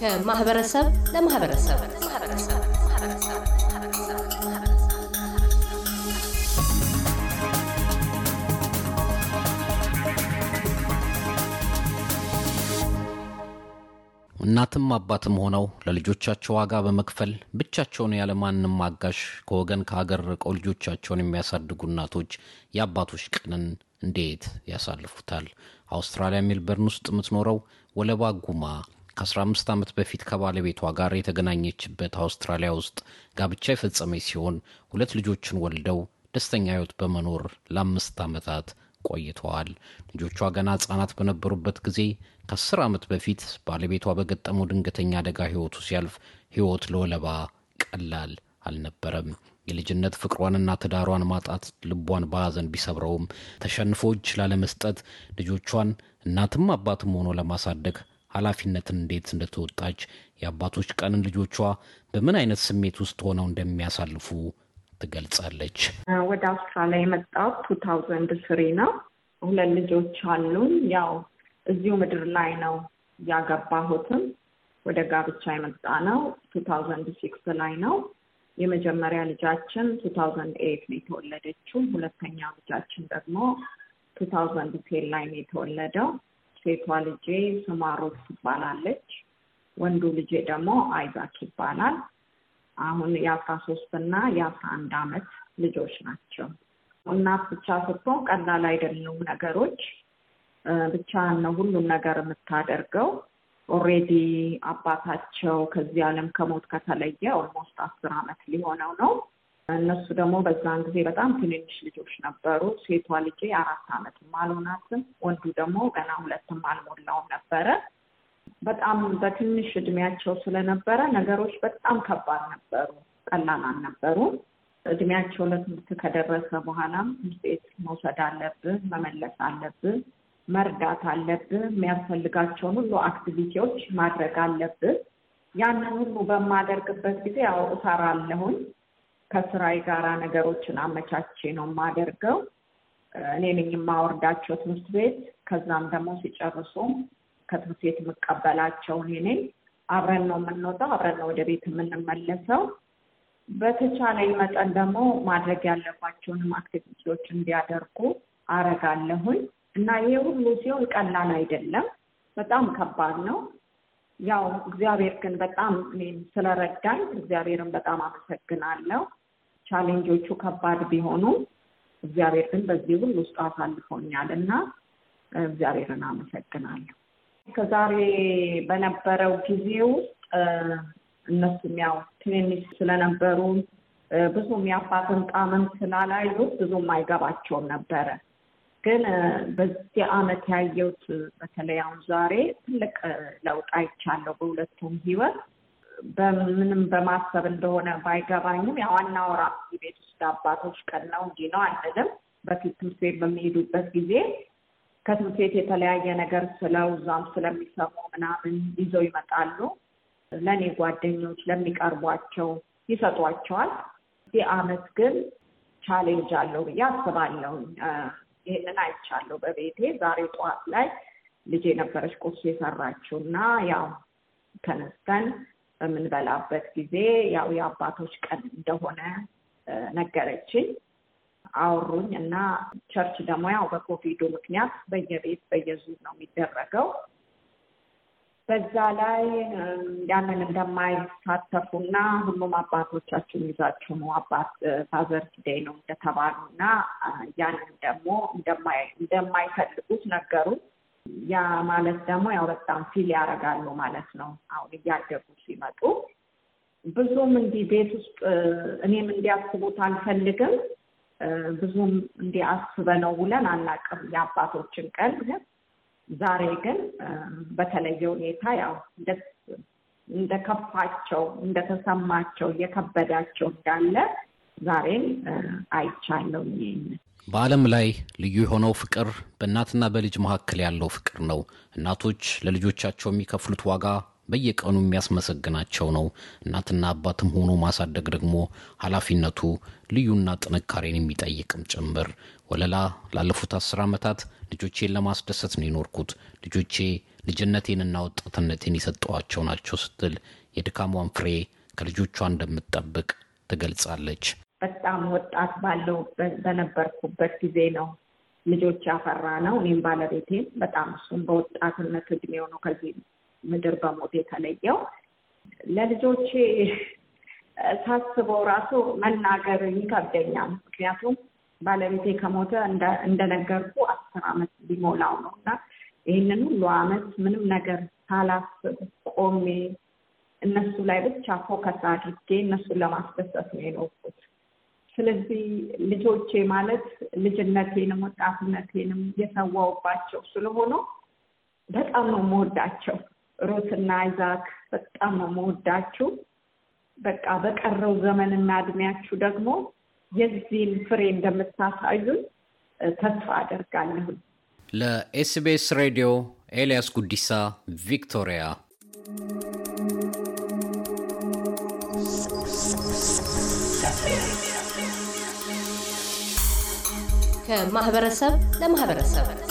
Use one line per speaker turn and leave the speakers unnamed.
ከማህበረሰብ ለማህበረሰብ እናትም አባትም ሆነው ለልጆቻቸው ዋጋ በመክፈል ብቻቸውን ያለማንም አጋሽ ከወገን ከሀገር ርቀው ልጆቻቸውን የሚያሳድጉ እናቶች የአባቶች ቀንን እንዴት ያሳልፉታል? አውስትራሊያ ሜልበርን ውስጥ የምትኖረው ወለባ ጉማ ከ15 ዓመት በፊት ከባለቤቷ ጋር የተገናኘችበት አውስትራሊያ ውስጥ ጋብቻ የፈጸመች ሲሆን ሁለት ልጆችን ወልደው ደስተኛ ህይወት በመኖር ለአምስት ዓመታት ቆይተዋል። ልጆቿ ገና ህጻናት በነበሩበት ጊዜ ከአስር ዓመት በፊት ባለቤቷ በገጠመው ድንገተኛ አደጋ ህይወቱ ሲያልፍ ህይወት ለወለባ ቀላል አልነበረም። የልጅነት ፍቅሯንና ትዳሯን ማጣት ልቧን በሐዘን ቢሰብረውም ተሸንፎ እጅ ላለመስጠት ልጆቿን እናትም አባትም ሆኖ ለማሳደግ ኃላፊነትን እንዴት እንደተወጣች የአባቶች ቀንን ልጆቿ በምን አይነት ስሜት ውስጥ ሆነው እንደሚያሳልፉ ትገልጻለች።
ወደ አውስትራሊያ የመጣው ቱ ታውዘንድ ስሪ ነው። ሁለት ልጆች አሉን። ያው እዚሁ ምድር ላይ ነው ያገባሁትም። ወደ ጋብቻ የመጣ ነው ቱ ታውዘንድ ሲክስ ላይ ነው። የመጀመሪያ ልጃችን ቱ ታውዘንድ ኤይት ነው የተወለደችው። ሁለተኛ ልጃችን ደግሞ ቱ ታውዘንድ ቴን ላይ ነው የተወለደው። ሴቷ ልጄ ስማሮት ትባላለች። ወንዱ ልጄ ደግሞ አይዛክ ይባላል። አሁን የአስራ ሶስት እና የአስራ አንድ አመት ልጆች ናቸው። እናት ብቻ ስትሆን ቀላል አይደሉም ነገሮች። ብቻ ነው ሁሉም ነገር የምታደርገው። ኦሬዲ አባታቸው ከዚህ ዓለም ከሞት ከተለየ ኦልሞስት አስር አመት ሊሆነው ነው። እነሱ ደግሞ በዛን ጊዜ በጣም ትንንሽ ልጆች ነበሩ። ሴቷ ልጄ አራት አመትም አልሆናትም፣ ወንዱ ደግሞ ገና ሁለትም አልሞላውም ነበረ። በጣም በትንሽ እድሜያቸው ስለነበረ ነገሮች በጣም ከባድ ነበሩ፣ ቀላል አልነበሩም። እድሜያቸው ለትምህርት ከደረሰ በኋላም ትምህርት ቤት መውሰድ አለብህ፣ መመለስ አለብህ፣ መርዳት አለብህ፣ የሚያስፈልጋቸውን ሁሉ አክቲቪቲዎች ማድረግ አለብህ። ያንን ሁሉ በማደርግበት ጊዜ ያው አለሁኝ ከስራዬ ጋራ ነገሮችን አመቻቼ ነው የማደርገው። እኔ ነኝ የማወርዳቸው ትምህርት ቤት። ከዛም ደግሞ ሲጨርሱም ከትምህርት ቤት የምቀበላቸው የኔን አብረን ነው የምንወጣው፣ አብረን ነው ወደ ቤት የምንመለሰው። በተቻለ መጠን ደግሞ ማድረግ ያለባቸውንም አክቲቪቲዎች እንዲያደርጉ አረጋለሁኝ እና ይሄ ሁሉ ሲሆን ቀላል አይደለም፣ በጣም ከባድ ነው። ያው እግዚአብሔር ግን በጣም እኔን ስለረዳኝ እግዚአብሔርን በጣም አመሰግናለሁ። ቻሌንጆቹ ከባድ ቢሆኑ እግዚአብሔር ግን በዚህ ሁሉ ውስጥ አሳልፎኛል እና እግዚአብሔርን አመሰግናለሁ። ከዛሬ በነበረው ጊዜ ውስጥ እነሱም ያው ትንንሽ ስለነበሩ ብዙም የአባትን ጣዕምም ስላላዩት ብዙም አይገባቸውም ነበረ። ግን በዚህ አመት ያየሁት በተለይ አሁን ዛሬ ትልቅ ለውጥ አይቻለሁ በሁለቱም ህይወት በምንም በማሰብ እንደሆነ ባይገባኝም የዋና ወራ ቤት ውስጥ አባቶች ቀን ነው እንዲህ ነው አንልም። በፊት ትምህርት ቤት በሚሄዱበት ጊዜ ከትምህርት ቤት የተለያየ ነገር ስለው እዛም ስለሚሰሙ ምናምን ይዘው ይመጣሉ። ለእኔ ጓደኞች ለሚቀርቧቸው ይሰጧቸዋል። እዚህ አመት ግን ቻሌንጅ አለው ብዬ አስባለሁ። ይህንን አይቻለሁ በቤቴ ዛሬ ጠዋት ላይ ልጅ የነበረች ቁርስ የሰራችው እና ያው ተነስተን በምንበላበት ጊዜ ያው የአባቶች ቀን እንደሆነ ነገረችኝ። አወሩኝ እና ቸርች ደግሞ ያው በኮቪዱ ምክንያት በየቤት በየዙር ነው የሚደረገው። በዛ ላይ ያንን እንደማይሳተፉና ሁሉም አባቶቻችሁን ይዛችሁ ነው አባት ፋዘርስ ዴይ ነው እንደተባሉ እና ያንን ደግሞ እንደማይፈልጉት ነገሩ። ያ ማለት ደግሞ ያው በጣም ፊል ያደርጋሉ ማለት ነው። አሁን እያደጉ ሲመጡ ብዙም እንዲህ ቤት ውስጥ እኔም እንዲያስቡት አልፈልግም። ብዙም እንዲህ አስበነው ውለን አናቅም የአባቶችን ቀን ግን ዛሬ ግን በተለየ ሁኔታ ያው እንደከፋቸው እንደተሰማቸው እየከበዳቸው እንዳለ ዛሬን አይቻለው።
በዓለም ላይ ልዩ የሆነው ፍቅር በእናትና በልጅ መካከል ያለው ፍቅር ነው። እናቶች ለልጆቻቸው የሚከፍሉት ዋጋ በየቀኑ የሚያስመሰግናቸው ነው። እናትና አባትም ሆኖ ማሳደግ ደግሞ ኃላፊነቱ ልዩና ጥንካሬን የሚጠይቅም ጭምር። ወለላ ላለፉት አስር ዓመታት ልጆቼን ለማስደሰት ነው የኖርኩት። ልጆቼ ልጅነቴንና ወጣትነቴን የሰጠዋቸው ናቸው ስትል የድካሟን ፍሬ ከልጆቿ እንደምትጠብቅ ትገልጻለች።
በጣም ወጣት ባለው በነበርኩበት ጊዜ ነው ልጆች ያፈራ ነው። እኔም ባለቤቴም በጣም እሱም በወጣትነት እድሜው ነው ከዚህ ምድር በሞት የተለየው ለልጆቼ ሳስበው ራሱ መናገር ይከብደኛል። ምክንያቱም ባለቤቴ ከሞተ እንደነገርኩ አስር አመት ሊሞላው ነው እና ይህንን ሁሉ አመት ምንም ነገር ሳላስብ ቆሜ እነሱ ላይ ብቻ ፎከስ አድርጌ እነሱን ለማስደሰት ነው የኖርኩት። ስለዚህ ልጆቼ ማለት ልጅነቴንም ወጣትነቴንም የሰዋውባቸው ስለሆነ በጣም ነው የምወዳቸው። ሩት እና አይዛክ በጣም ነው መወዳችሁ። በቃ በቀረው ዘመንና እድሜያችሁ ደግሞ የዚህን ፍሬ እንደምታሳዩን ተስፋ አደርጋለሁ።
ለኤስቢኤስ ሬዲዮ ኤልያስ ጉዲሳ ቪክቶሪያ። ከማህበረሰብ ለማህበረሰብ